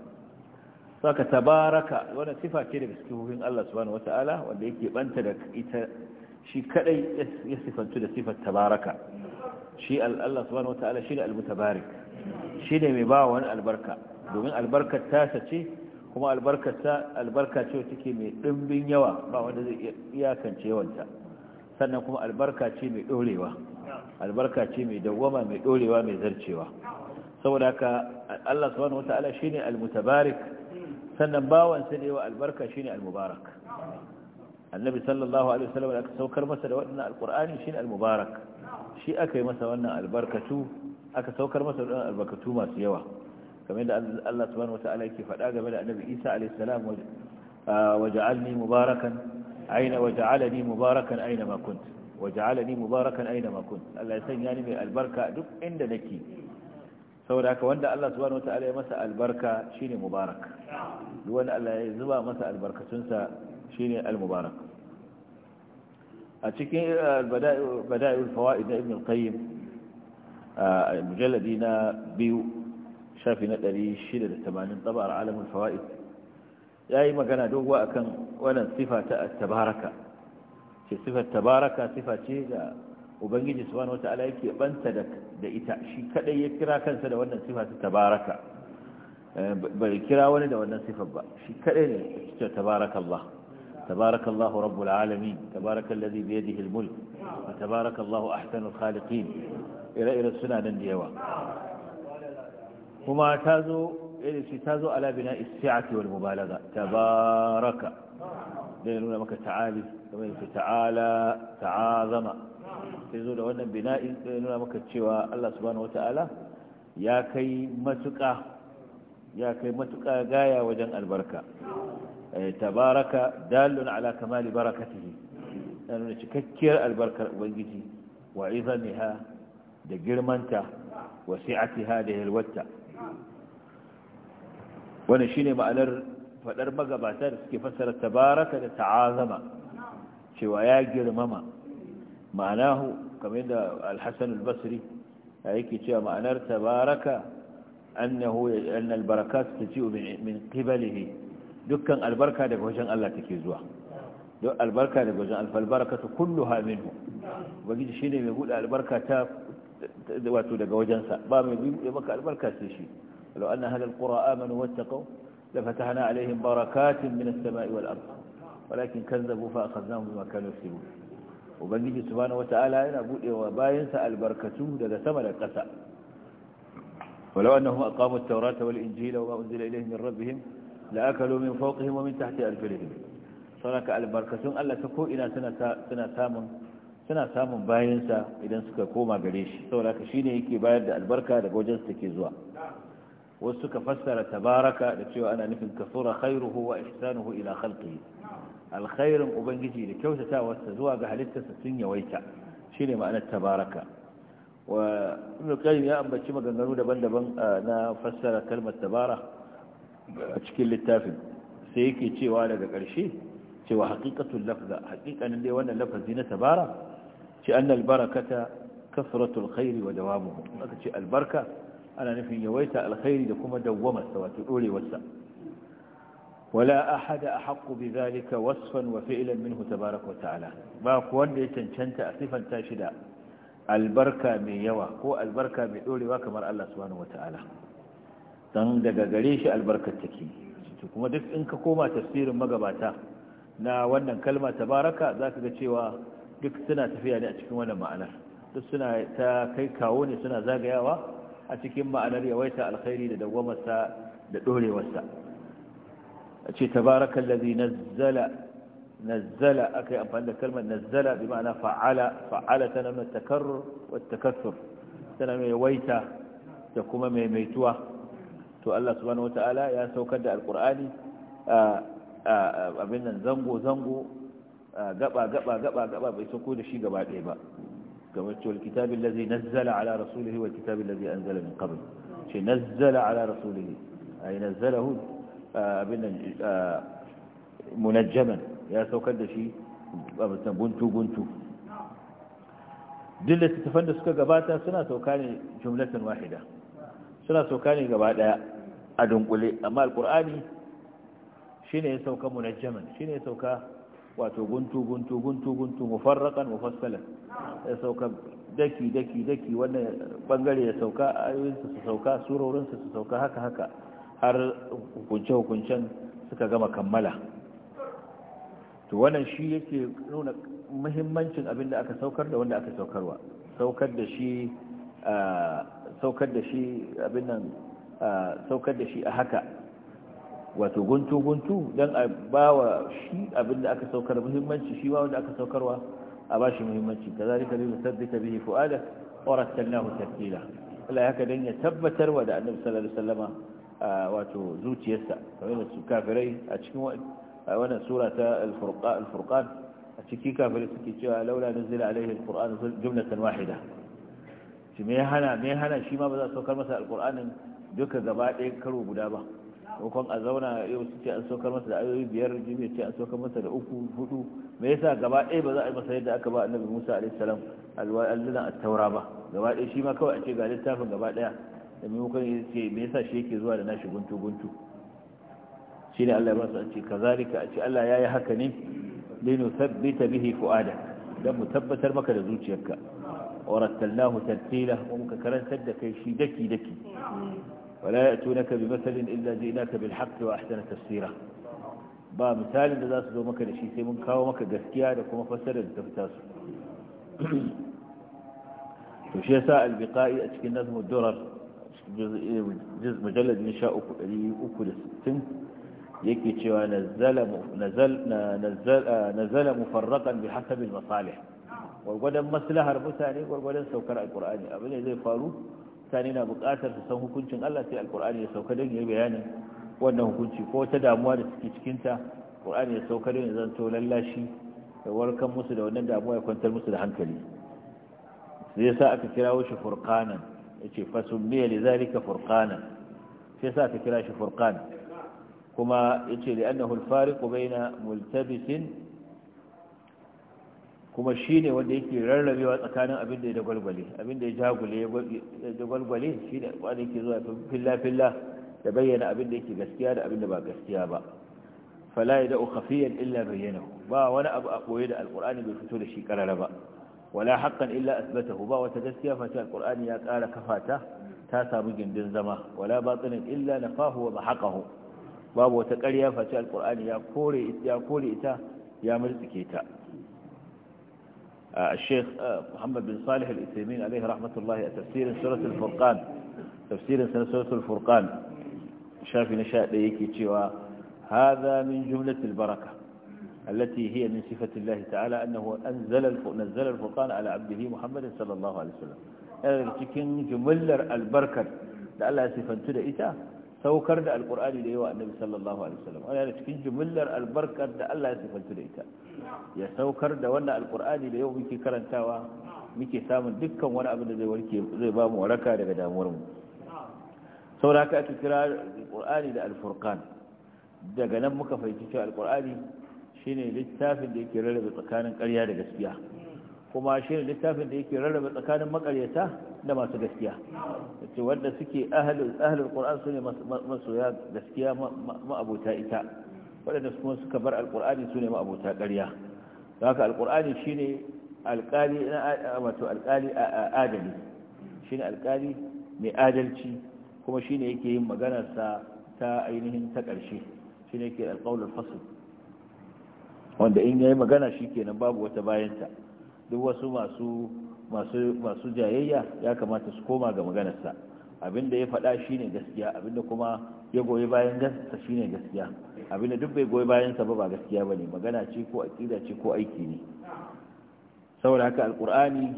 saka tabaraka wannan sifa ce daga sifofin Allah subhanahu wata'ala wanda yake banta da ita shi kadai ya sifantu da sifar tabaraka shi Allah subhanahu wataala shi ne almutabarik shi ne mai bawa wani albarka domin albarkar tasa ce kuma albarkar ta albarka ce take mai dimbin yawa ba wanda zai iyakance yawanta sannan kuma albarka ce mai dorewa albarka ce mai dawwama mai dorewa mai zarcewa saboda haka Allah subhanahu wataala shine almutabarik sannan bawan sa ne wa albarka shine almubarak annabi sallallahu alaihi wasallam da aka saukar masa da wannan alqur'ani shine almubarak shi aka yi masa wannan albarkatu aka saukar masa wannan albarkatu masu yawa kamar da Allah subhanahu wataala yake faɗa game da Annabi Isa alayhi salam waja'alni mubarakan aina waja'alani mubarakan aina ma kunt waja'alani mubarakan aina ma kunt Allah ya sanya ni mai albarka duk inda nake saboda haka wanda Allah subhanahu wataala ya masa albarka shine mubarak duk wanda Allah ya zuba masa albarkatunsa shine al-mubarak a cikin eh, bada'ul fawaid na ibn al-qayyim mujalladi na biyu shafi na 680 tabar alamul fawaid yayi magana dogo akan wannan sifa ta tabaraka ce sifar tabaraka sifa ce da ubangiji subhanahu wataala yake banta da ita shi kadai ya kira kansa da wannan sifa ta tabaraka eh, bai kira wani da wannan sifar ba shi kadai ne ta tabarakallah تبارك الله رب العالمين تبارك الذي بيده الملك وتبارك الله أحسن الخالقين إلى إلى السنة ديوا وما تازو تازو على بناء السعة والمبالغة تبارك لأنه لما تعالي كما تعالى تعاظم تزو لو أن بناء لأنه لما تشوى الله سبحانه وتعالى يا كي متكا يا كي متكا غاية وجن البركة تبارك دال على كمال بركته أن نتككر البركة وجهي وعظمها دقرمنتا وسعة هذه الوتة ونشيني مألر فالأرمق باتر كيف سر التبارك لتعاظم شوايا قرمما معناه كما عند الحسن البصري هيك شيء معنى تبارك أنه أن البركات تجيء من قبله dukkan albarka daga wajen Allah take zuwa don albarka daga wajen albarka ta kullu haminu wajen shi ne mai buɗe albarka ta wato daga wajensa ba mai buɗe maka albarka sai shi alau an na halar ƙura amanu wata kau da fata hana alaihin barakatun minas sama'i wal arzu walakin kan zabu fa aka zama mu makanu su ubangiji su bani wata ala yana buɗe wa bayansa albarkatu daga sama da ƙasa walau an na kuma ƙamun taurata wal injila wa ma'unzila ilaihin rabbihim la akalu min fawqihim wa min tahti arjulihim saboda albarkatun Allah ta ko ina suna suna samun suna samun bayansa idan suka koma gare shi saboda shine yake bayar da albarka daga wajen su take zuwa wasu suka fassara tabaraka da cewa ana nufin kasura khairuhu wa ihsanuhu ila khalqihi alkhairin ubangiji da sa zuwa ga halittarsa sun yawaita shine ma'anar tabaraka wa ibn qayyim ya ambaci maganganu daban-daban na fassara kalmar tabaraka a cikin littafin sai yake cewa daga ƙarshe cewa haƙiƙatun lafza haƙiƙanin dai wannan lafazi na tabara ce an albarka ta kasratul khairi wa dawamuhu aka ce albarka ana nufin yawaita alkhairi da kuma dawwama sa wato dorewar sa wala ahada ahq bi zalika wasfan wa fi'lan minhu tabaarak wa ta'ala ba ku ya cancanta a sifan ta da albarka mai yawa ko albarka mai ɗorewa kamar Allah subhanahu wa ta'ala don daga gare shi albarkar take kuma duk in ka koma tafsirin magabata na wannan kalma tabaraka za ka ga cewa duk suna tafiya ne a cikin wannan ma'anar duk suna ta kai kawo ne suna zagayawa a cikin ma'anar yawaita alkhairi da dawwamarsa da dorewarsa a ce tabaraka allazi nazzala nazzala yi amfani da kalmar nazzala bi ma'ana fa'ala fa'ala tana mai takarrur wa takassur tana mai yawaita da kuma maimaituwa to Allah subhanahu wata'ala ya saukar da alkur'ani abin nan zango-zango gaba-gaba gaba-gaba bai sauko da shi gaba ɗaya ba kamar cewa kitabin lazi nazzala ala rasulihi wa kitabin lazi an zala min qabl shi nazzala ala rasulihi ay nazzalahu abin nan munajjaman ya saukar da shi a guntu-guntu duk littattafan da suka gabata suna sauka ne jumlatin wahida suna sauka ne gaba daya a dunkule amma alkur'ani shine ya sauka munajjaman shine ya sauka wato guntu guntu guntu guntu mufarraqan mufassalan ya sauka daki daki daki wannan bangare ya sauka ayoyinsa su sauka surorinsa su sauka haka haka har hukunce hukuncen suka gama kammala to wannan shi yake nuna muhimmancin abin da aka saukar da wanda aka saukarwa saukar da shi ah, saukar da shi abin nan saukar da shi a haka wato guntu-guntu don a ba wa shi abinda aka saukar muhimmanci shi wanda aka saukarwa a ba shi muhimmanci ka zari kalin musaddika bihi fu'ada ƙorattar nahu tattila Allah haka don ya tabbatar wa da annabi sallallahu alaihi wasallama wato zuciyarsa kamar da su kafirai a cikin wannan sura ta al a cikin kafirai suke cewa laula nuzila alaihi al-qur'an jumlatan wahida shi me hana me ya hana shi ma ba za a saukar masa al-qur'anin duka gaba ɗaya karo guda ba hukun a zauna yau su ce an saukar masa da ayoyi biyar jibi ce an saukar masa da uku hudu me yasa gaba ɗaya ba za a yi masa yadda aka ba annabi musa alayhi salam at-taura ba gaba ɗaya shi ma kawai a ce ga littafin gaba ɗaya da maimakon ya ce me yasa shi yake zuwa da nashi guntu guntu shi ne allah ya basu a ce kazalika a ce allah ya yi haka ne linu thabbita bihi fu'ada dan mu tabbatar maka da zuciyarka ورتلناه ترتيلا karantar da kai shi daki daki. ولا يأتونك بمثل إلا جئناك بالحق وأحسن تفسيره با مثال إذا سدوا مكة لشيء سيمون كاو مكة قسكيا لكم فسر التفتاس وشي ساء البقائي أتك النظم الدرر جزء مجلد نشاء أكلس سن يكي تشوى نزل نزل نزل نزل مفرقا بحسب المصالح والقدم مسلها المثالي والقدم سوكر القرآن أبنى إذا يقالوا mutane na bukatar su san hukuncin Allah sai alkur'ani ya sauka don ya bayani wannan hukunci ko wata damuwa da suke cikinta alkur'ani ya sauka don ya zato lallashi da warkan musu da wannan damuwa ya kwantar musu da hankali sai sa aka kira shi furqanan yace fasummiya lidhalika furqanan sai sa aka kira shi furkan kuma yace li annahu al bayna multabisin kuma shi ne wanda yake rarrabewa tsakanin abin da ya dagwalgwale abin da ya jagule ya dagwalgwale shi ne wanda yake zuwa filla-filla da bayyana abin da yake gaskiya da abin da ba gaskiya ba fala ya da'u khafiyan illa bayyana ba wani abu a koye da alkur'ani bai fito da shi karara ba wala hakan illa asbatahu ba wata gaskiya fa kurani ya kara kafata ta samu gindin zama wala batinin illa nafahu wa mahaqahu babu wata ƙarya fa alkur'ani ya kore ita ya kore ita ya murtsike ta آه، الشيخ آه، محمد بن صالح الإسلامين عليه رحمة الله تفسير سورة الفرقان تفسير سورة الفرقان شافي نشاء ليكي تشوى هذا من جملة البركة التي هي من صفة الله تعالى أنه أنزل نزل الفرقان على عبده محمد صلى الله عليه وسلم يعني تكن جملة البركة لألا سفنت لإتا saukar da alkur'ani da yawa annabi sallallahu alaihi wasallam da cikin jumlar albarkar da Allah ya sifanta da ita ya saukar da wannan alkur'ani da yau muke karantawa muke samun dukkan wani abin da zai warke zai ba mu waraka daga damuwar mu saboda haka aka kira alkur'ani da alfurqan daga nan muka fahimci cewa alkur'ani shine littafin da yake rarrabe tsakanin ƙarya da gaskiya kuma shi ne littafin da yake rarraba tsakanin makaryata da masu gaskiya ce wadda suke ahalin ƙur'an su ne masoya gaskiya ma'abuta ita waɗanda kuma suka bar alƙur'ani su ne ma'abuta ƙarya da haka alƙur'ani shi ne alƙali wato alƙali adali shi ne alƙali mai adalci kuma shi ne yake yin maganarsa ta ainihin ta ƙarshe shi ne yake alƙawular fasul wanda in ya yi magana shi kenan babu wata bayanta duk wasu masu jayayya ya kamata su koma ga maganarsa abinda ya faɗa shine gaskiya abinda kuma ya goyi bayan gaskiya shine gaskiya abinda duk bai goyi bayan sa ba ba gaskiya bane magana ce ko aqida ce ko aiki ne saboda haka alqur'ani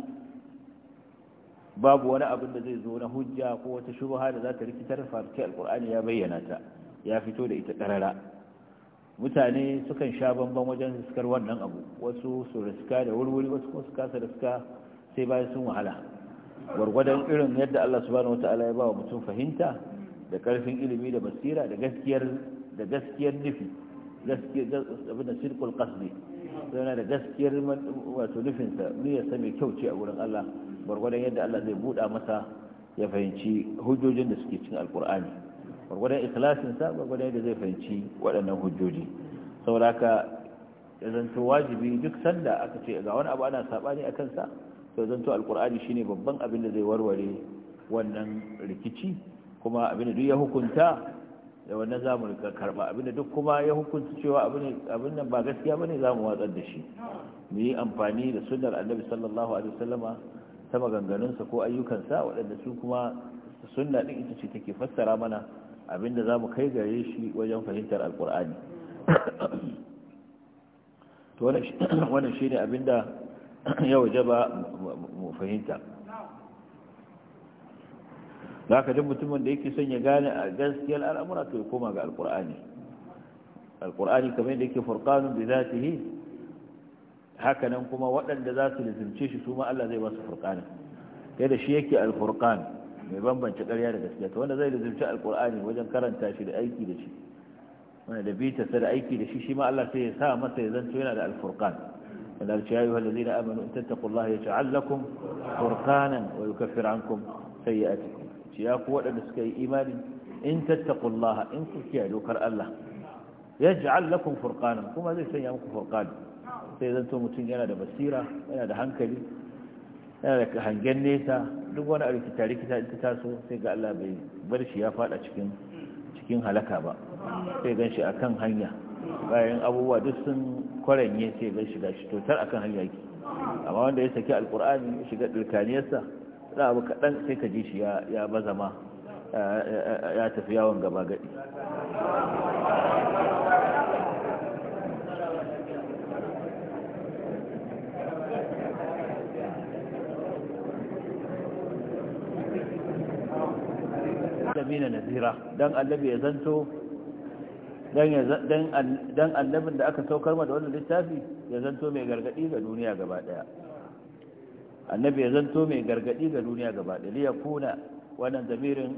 babu wani abin da zai zo na hujja ko wata shubha da za ta rikitar farce alqur'ani ya bayyana ta ya fito da ita karara mutane sukan sha bamban wajen riskar wannan abu wasu su riska da wurwuri wasu kuma su kasa riska sai bayan sun wahala gwargwadon irin yadda Allah subhanahu wataala ya ba wa mutum fahimta da karfin ilimi da basira da gaskiyar da gaskiyar nufi gaskiyar abin da sirkul qasdi yana da gaskiyar wato nufinsa niyyarsa mai kyau ce a wurin Allah gwargwadon yadda Allah zai buɗa masa ya fahimci hujjojin da suke cikin alkur'ani gwargwadon ikilasinsa gwargwadon da zai fahimci waɗannan hujjoji saboda ka zanto wajibi duk sanda aka ce ga wani abu ana saɓani a kansa to zanto alkur'ani ne babban abin da zai warware wannan rikici kuma abin da duk ya hukunta da wannan za mu rika karɓa abin da duk kuma ya hukunta cewa abin nan ba gaskiya bane za mu watsar da shi mu yi amfani da sunar annabi sallallahu alaihi wasallama ta maganganunsa ko ayyukansa waɗanda su kuma sunna ɗin ita ce take fassara mana abinda za mu kai gare shi wajen fahimtar alkur'ani to wannan shi ne abinda ya waje ba mu fahimta za ka ji mutumin da yake son ya gane a gaskiyar al'amura to ya koma ga alkur'ani alkur'ani kamar yadda yake furkanun da za ta yi hakanan kuma waɗanda za su lizimce shi su ma Allah zai ba su furkanin kai da shi yake alfurkan mai bambance ƙarya da gaskiya to wanda zai lizimci alkur'ani wajen karanta shi da aiki da shi wanda da bita sa da aiki da shi shi ma Allah sai ya sa masa ya zanto yana da alfurqan wanda ya yi wallazi na amanu tattaqullaha yaj'al lakum furqanan wa yukaffir ankum sayyi'atikum ci ya ku waɗanda suka yi imani in tattaqullaha in ku kiyaye dokar Allah yaj'al lakum furqanan kuma zai sanya muku furqan sai zanto mutum yana da basira yana da hankali yana da hangen nesa duk wani a rikita rikita ta taso sai ga Allah bai bar shi ya fada cikin cikin halaka ba sai gan shi akan hanya bayan abubuwa duk sun kwaranye sai gan shi gashi a akan hanya yake amma wanda ya saki alkur'ani shiga dirkaniyarsa za abu kaɗan sai ka ji shi ya bazama ya tafi yawon gaba gadi na nazira dan annabi ya zanto dan annabin da aka saukar ma da wannan littafi ya zanto mai gargadi ga duniya gaba daya annabi ya zanto mai gargadi ga duniya gaba daya liya kuna wannan zamirin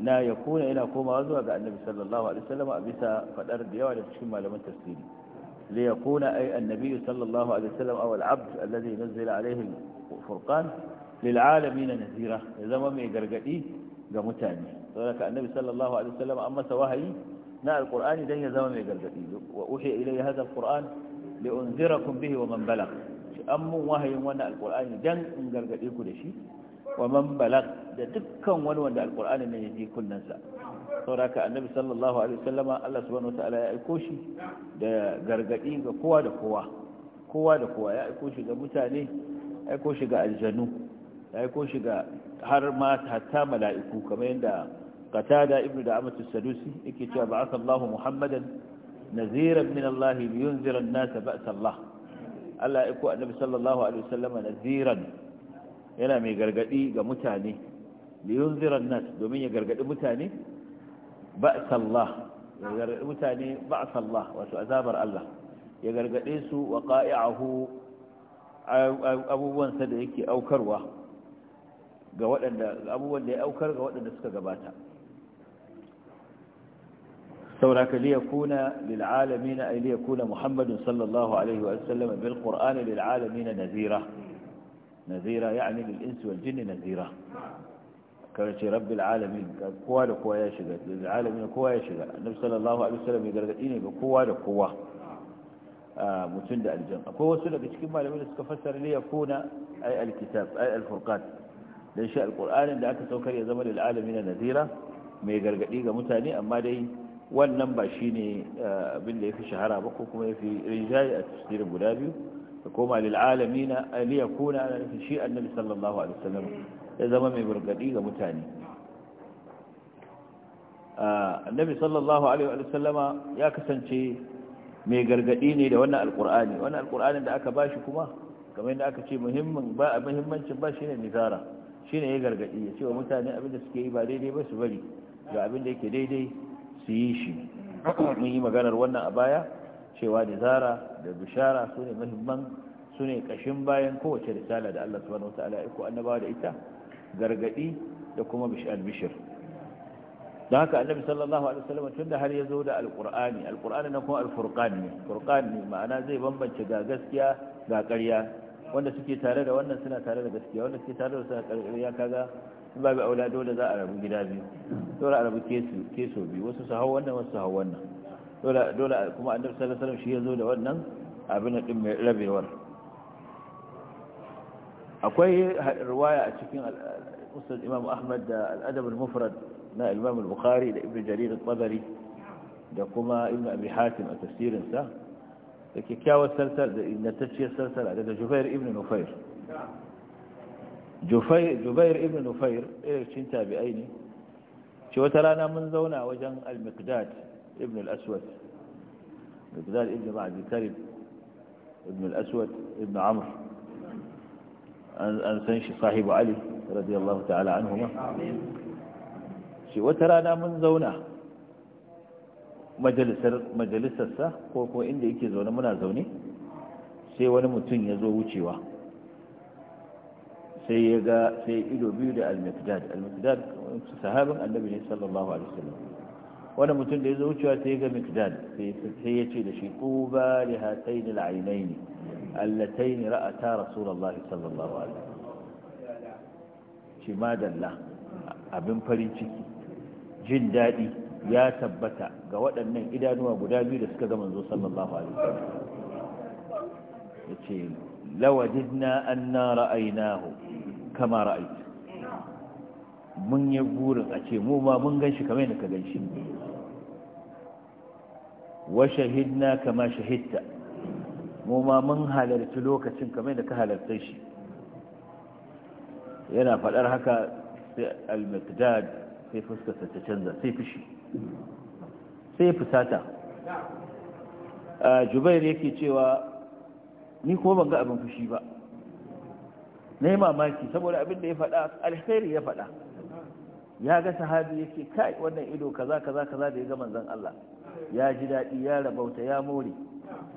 na ya kuna yana komawa zuwa ga annabi sallallahu alaihi wasallam a bisa fadar da yawa da cikin malaman tafsiri li yakuna ay annabi sallallahu alaihi wasallam aw al-abd alladhi nazzala alaihi al-furqan lil alamin nazira ya zama mai gargadi ga mutane saboda annabi sallallahu alaihi wasallam an masa wahayi na alqur'ani dan ya zama mai gargadi wa uhiya ilayya hadha alqur'an li unzirakum bihi wa man balagh an mun wahayin wannan alqur'ani dan in gargade ku da shi wa man balagh da dukkan wani wanda alqur'ani ne ya sa kunnansa sauraka annabi sallallahu alaihi wasallama Allah subhanahu wataala ya aiko shi da gargadi ga kowa da kowa kowa da kowa ya aiko shi ga mutane aiko shi ga aljanu ya aiko shi ga har ma hatta mala'iku kamar yadda qatada ibnu da amatu sadusi yake cewa ba'atha Allahu Muhammadan naziran min Allah liyunzira an-nasa ba'sa Allah Allah ya annabi sallallahu alaihi wasallam naziran yana mai gargadi ga mutane liyunzira an-nas domin ya gargadi mutane ba'sa Allah ya gargadi mutane ba'sa Allah wato azabar Allah ya gargade su wa qa'i'ahu abubuwansa da yake aukarwa ga waɗanda abubuwan da ya aukar ga waɗanda suka gabata sauraka liya kuna lil'alamina ay liya kuna muhammadun sallallahu alaihi wa sallam bil qur'ani lil'alamina nazira nazira yani lil insi wal jinni nazira karshe rabbil alamin kowa da kowa ya shiga lil alamin kowa ya shiga annabi sallallahu alaihi wa sallam ya gargadi ne ga kowa da kowa a mutum da aljan akwai wasu daga cikin malamai da suka fassara liya kuna ay al kitab ay al furqan don shi alƙur'anin da aka saukar ya zama lil'alami na nazira mai gargadi ga mutane amma dai wannan ba shi ne eh, abin da ya fi shahara ba ko kuma ya fi rinjaye a tafsirin guda biyu da koma lil'alami na eh, aliya kuna ana nufin shi annabi sallallahu alaihi wasallam ya zama mai gargadi ga mutane eh, annabi sallallahu alaihi wasallama ya kasance mai gargadi ne da wannan alƙur'ani wannan alƙur'anin da aka bashi kuma kamar yadda aka ce muhimmin ba muhimmancin ba shi ne nizara shine ya gargadi ya ce wa mutane abinda suke yi ba daidai ba su bari ga abinda yake daidai su yi shi mun yi maganar wannan a baya cewa da zara da bishara su ne su ne kashin bayan kowace risala da Allah subhanahu wataala ya ko annabawa da ita gargadi da kuma bishir da haka annabi sallallahu alaihi wasallam da har ya zo da alqur'ani alqur'ani na kuma alfurqan ne furqan ne ma'ana zai bambance ga gaskiya ga ƙarya wanda suke tare da wannan suna tare da gaskiya wanda suke tare da suna ƙarƙariya kaga in babu aula dole za a rabu gida biyu dole a rabu keso biyu wasu su hau wannan wasu su hau wannan dole kuma annabi sallallahu alaihi wasallam shi ya zo da wannan abin din mai rabewar akwai riwaya a cikin ustaz Imam Ahmad da al-Adab al-Mufrad na Imam al-Bukhari da Ibn Jarir al-Tabari da kuma Ibn Abi Hatim a tafsirinsa كيكاوى السلسل إن التجهي السلسل هذا جبير ابن نفير جبير, جبير ابن نفير إيش كنت بأيني شو لنا من زونا وجن المقداد ابن الأسود المقداد ابن بعد الكرب ابن الأسود ابن عمر أنسانش صاحب علي رضي الله تعالى عنهما شو لنا من زونا majalisarsa ko ko inda yake zaune muna zaune sai wani mutum ya zo wucewa sai ya ga sai ido biyu da al-miqdad al-miqdad sahabin annabi ne sallallahu alaihi wasallam wani mutum da ya zo wucewa sai ya ga miqdad sai ya ce da shi da quba li hatayn al-aynayn allatayn ra'ata rasulullahi sallallahu alaihi wasallam shi madalla abin farin ciki jin daɗi ya tabbata ga waɗannan idanuwa guda biyu da suka ga manzo sallallahu alaihi wasallam yace lawajidna anna ra'aynahu kama ra'ayt mun yi burin a ce mu ma mun ganshi kamar yadda ka ganshi wa shahidna kama shahidta mu ma mun halarci lokacin kamar yadda ka halarta shi yana faɗar haka sai al-miqdad sai fuskarsa ta canza sai fushi sai ya fusata jubair yake cewa ni kuma ban ga abin fushi ba na yi mamaki saboda abin da ya faɗa alheri ya faɗa ya ga sahabi yake kai wannan ido kaza kaza kaza da ya ga manzan Allah ya ji daɗi ya rabauta ya more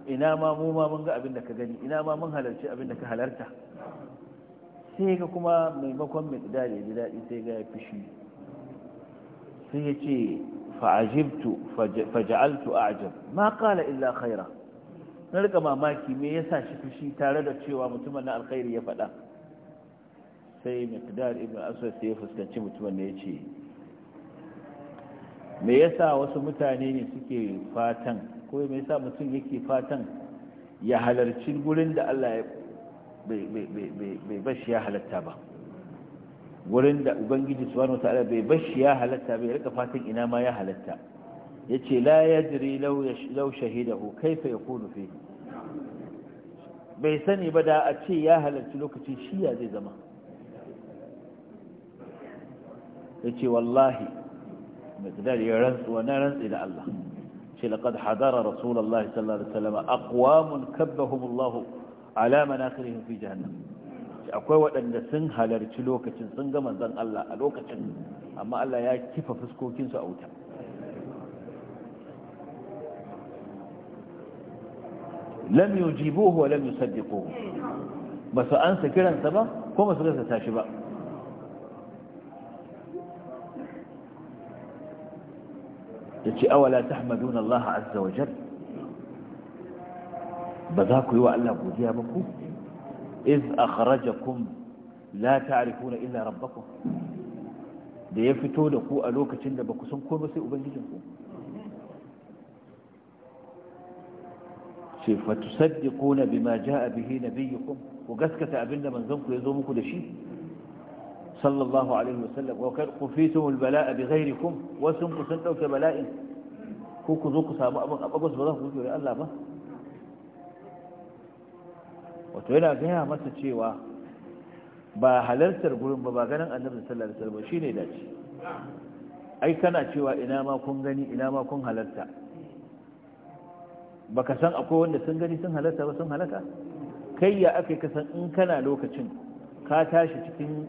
ina ma mu ma mun ga abin da ka gani ina ma mun halarci abin da ka halarta sai ga kuma maimakon mai ya ji daɗi sai ga ya fushi sai ya ce fa'ajibtu faja'altu a'jab ma qala illa kaira na rika mamaki me yasa shi fushi tare da cewa mutumin na alkhairi ya faɗa sai miqdar ibn aswad sai ya fuskanci mutumin ne ya ce me yasa wasu mutane ne suke fatan ko me yasa mutum yake fatan ya halarci gurin da Allah bai bashi ya halarta ba wurin da ubangiji subhanahu ta'ala bai bashi ya halatta bai rika fatan ina ma ya halatta yace la yadri law law shahidahu kaifa yakunu fi bai sani ba da a ce ya halarci lokaci shi ya zai zama yace wallahi miqdar ya rantsu wa na rantsi da Allah ce laqad hadara rasulullahi sallallahu alaihi wasallam aqwamun kabbahum Allah ala manakhirihim fi jahannam akwai waɗanda sun halarci lokacin sun ga manzon Allah a lokacin amma Allah ya kifa fuskokinsu a wuta lam yujibuhu wa lam yusaddiquhu ba su ansa kiransa ba ko ba su gaskata tashi ba yace awala tahmaduna Allah azza wa jalla ba za ku yi wa Allah godiya ba ku iz akhrajakum la ta'rifuna illa rabbakum da ya fito da ku a lokacin da ba ku san komai sai ubangijinku ce bi fatusaddiquna bima jaa bihi nabiyyukum ku gaskata abinda manzon ku zo muku da shi sallallahu alaihi wasallam wa ku kad qufitum albalaa bighairikum wa sun ku sun ɗauke bala'in ku ku zo ku samu abin a ba za ku yi Allah ba wato yana gaya masa cewa ba halartar gurin ba ba ganin annabi sallallahu alaihi wasallam shine dace ai kana cewa ina ma kun gani ina ma kun halarta baka san akwai wanda sun gani sun halarta ba sun halaka kai ya akai ka san in kana lokacin ka tashi cikin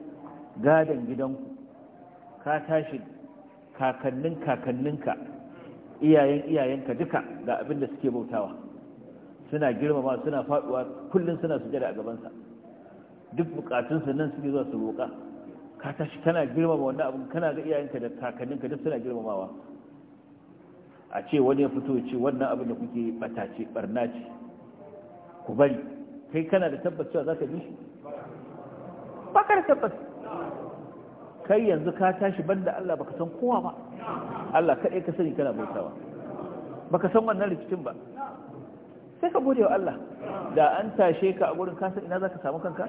gadon gidanku ka tashi kakannin kakanninka iyayen iyayenka duka ga abin da suke bautawa suna girmama suna faduwa kullum suna sujada a gabansa duk bukatunsa nan suke zuwa su roƙa ka tashi kana girmama wannan abin kana ga iyayenka da kakanninka duk suna girmamawa a ce wani ya fito ce wannan abin da kuke bata ce barna ce ku bari kai kana da tabbas cewa za ka bi shi ba ka da tabbas kai yanzu ka tashi banda Allah baka san kowa ba Allah kadai ka sani kana bautawa baka san wannan rikicin ba sai ka gode wa Allah da an tashe ka a gurin kasan ina za ka samu kanka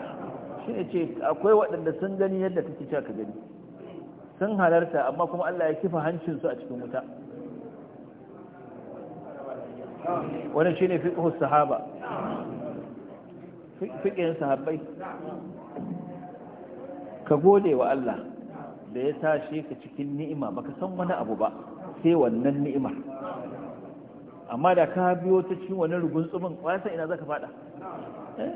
shi ne ce akwai waɗanda sun gani yadda take cewa ka gani sun halarta amma kuma Allah ya kifa hancinsu a cikin wuta Wani shi ne fiƙihun sahaba fiƙihin sahabbai ka gode wa Allah da ya tashe ka cikin ni'ima baka san wani abu ba sai wannan ni'imar amma da ka biyo ta cikin wani rugun tsumin wasan ina za ka fada eh?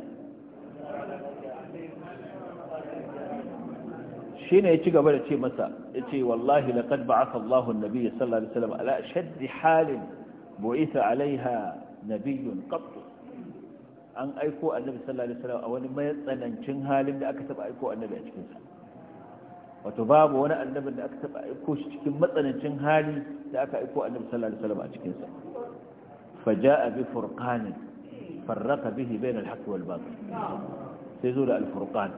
shi ne ya ci gaba da ce masa ya ce wallahi da kadba aka Allahun nabi sallallahu Alaihi wasallam ala shaddi halin bu'ita alaiha nabiyun ƙabtu an aiko annabi sallallahu salam a wani mai tsanancin halin da aka taɓa aiko annabi a cikinsa wato babu wani annabin da aka taɓa aiko shi cikin matsanancin hali da aka aiko annabi sallallahu salam a cikinsa فجاء بفرقان فرق به بين الحق والباطل سيزول الفرقان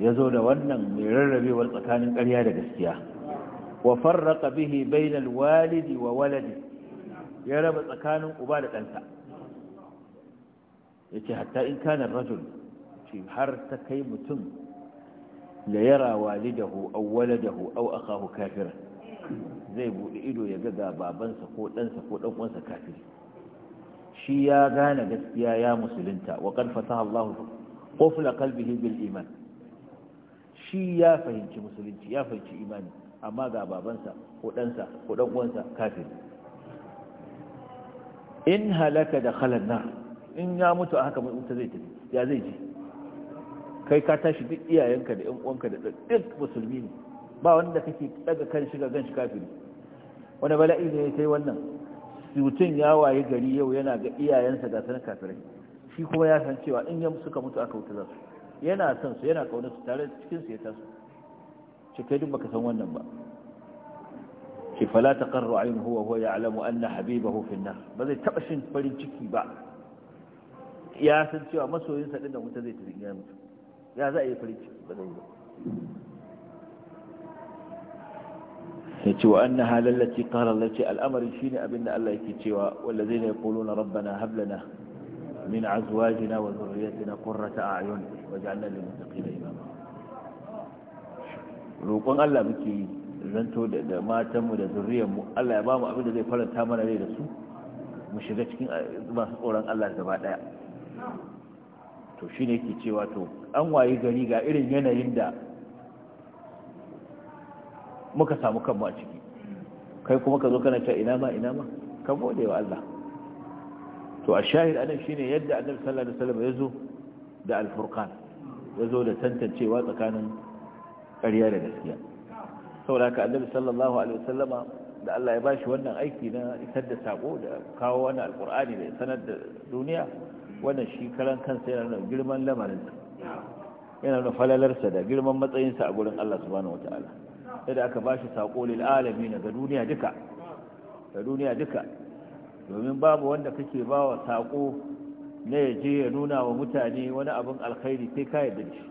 يزول ونن مرربي والقتان قريادة قسياه وفرق به بين الوالد وولده يرى بطكان أبادة أنت يتي حتى إن كان الرجل في حرت كيمتم ليرى والده أو ولده أو أخاه كافرا zai buɗe ido ya ga babansa ko ɗansa ko ɗan uwansa kafiri shi ya gane gaskiya ya musulunta wa ƙarfata fataha Allahu qufla qalbihi bil iman shi ya fahimci musulunci ya fahimci imani amma ga babansa ko ɗansa ko ɗan uwansa kafiri in halaka da khalan nar in ya mutu a haka mutum zai tafi ya zai ji kai ka tashi duk iyayenka da ƴan uwanka da duk musulmi ne ba wanda kake daga kan shiga gan shi kafiri wani bala'i ne ya kai wannan mutum ya waye gari yau yana ga iyayensa ga sanar kafirai shi kuma ya san cewa in yam suka mutu aka wuta za su yana son su yana kaunar su tare cikin su ya tasu shi kai duk baka san wannan ba shi fala taqarru a yin huwa alamu anna habibahu fi na nar ba zai taba shi farin ciki ba ya san cewa masoyinsa ɗin da wuta zai tafi ya mutu ya za a yi farin ciki ba zai yi ba ya ce wa anna halallaci qala allati al'amari shine abinda Allah yake cewa wanda zai wallazina rabba na hab lana min azwajina wa dhurriyyatina qurrata a'yun waj'alna lil muttaqina imama roƙon Allah muke zanto da matanmu da zuriyar mu Allah ya bamu abinda zai faranta mana rai da su mu shiga cikin eh, masu tsoron Allah gaba ɗaya to ke cewa to an wayi gari ga irin yanayin da muka samu kanmu a ciki kai kuma ka zo kana ta ina ma ina ma ka gode wa Allah to a shahid anan shine yadda annabi sallallahu alaihi wasallam ya zo da al-furqan ya zo da tantancewa tsakanin ƙarya da gaskiya saboda haka annabi sallallahu alaihi wasallama da Allah ya bashi wannan aiki na isar da sako da kawo wannan Alqur'ani da sanar da duniya wannan shi karan kansa yana nuna girman lamarinsa yana nuna falalarsa da girman matsayinsa a gurin Allah subhanahu wataala sai da aka bashi sako lil alamin ga duniya duka ga duniya duka domin babu wanda kake bawa sako na yaje ya nuna wa mutane wani abin alkhairi sai ka yadda shi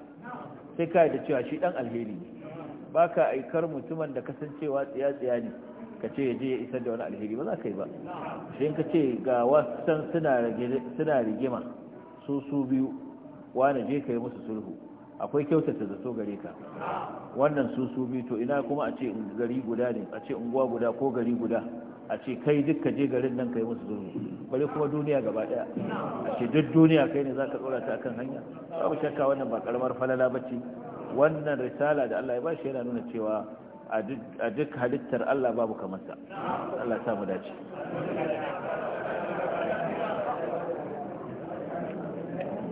sai ka yadda cewa shi dan alheri ne baka aikar mutumin da kasancewa tsiya tsiya ne ka yaje ya isar da wani alheri ba za ka yi ba sai ka ce ga wasan suna rigima su su biyu wani je ka yi musu sulhu akwai kyautata zato gare ka wannan su su bi to ina kuma a ce gari guda ne a ce unguwa guda ko gari guda a ce kai duk ka je garin nan kai musu zulmi bari kuma duniya gaba daya a ce duk duniya kai ne zaka tsora ta akan hanya babu shakka wannan ba karamar falala bace wannan risala da Allah ya ba bashi yana nuna cewa a duk halittar Allah babu kamar sa Allah ya mu dace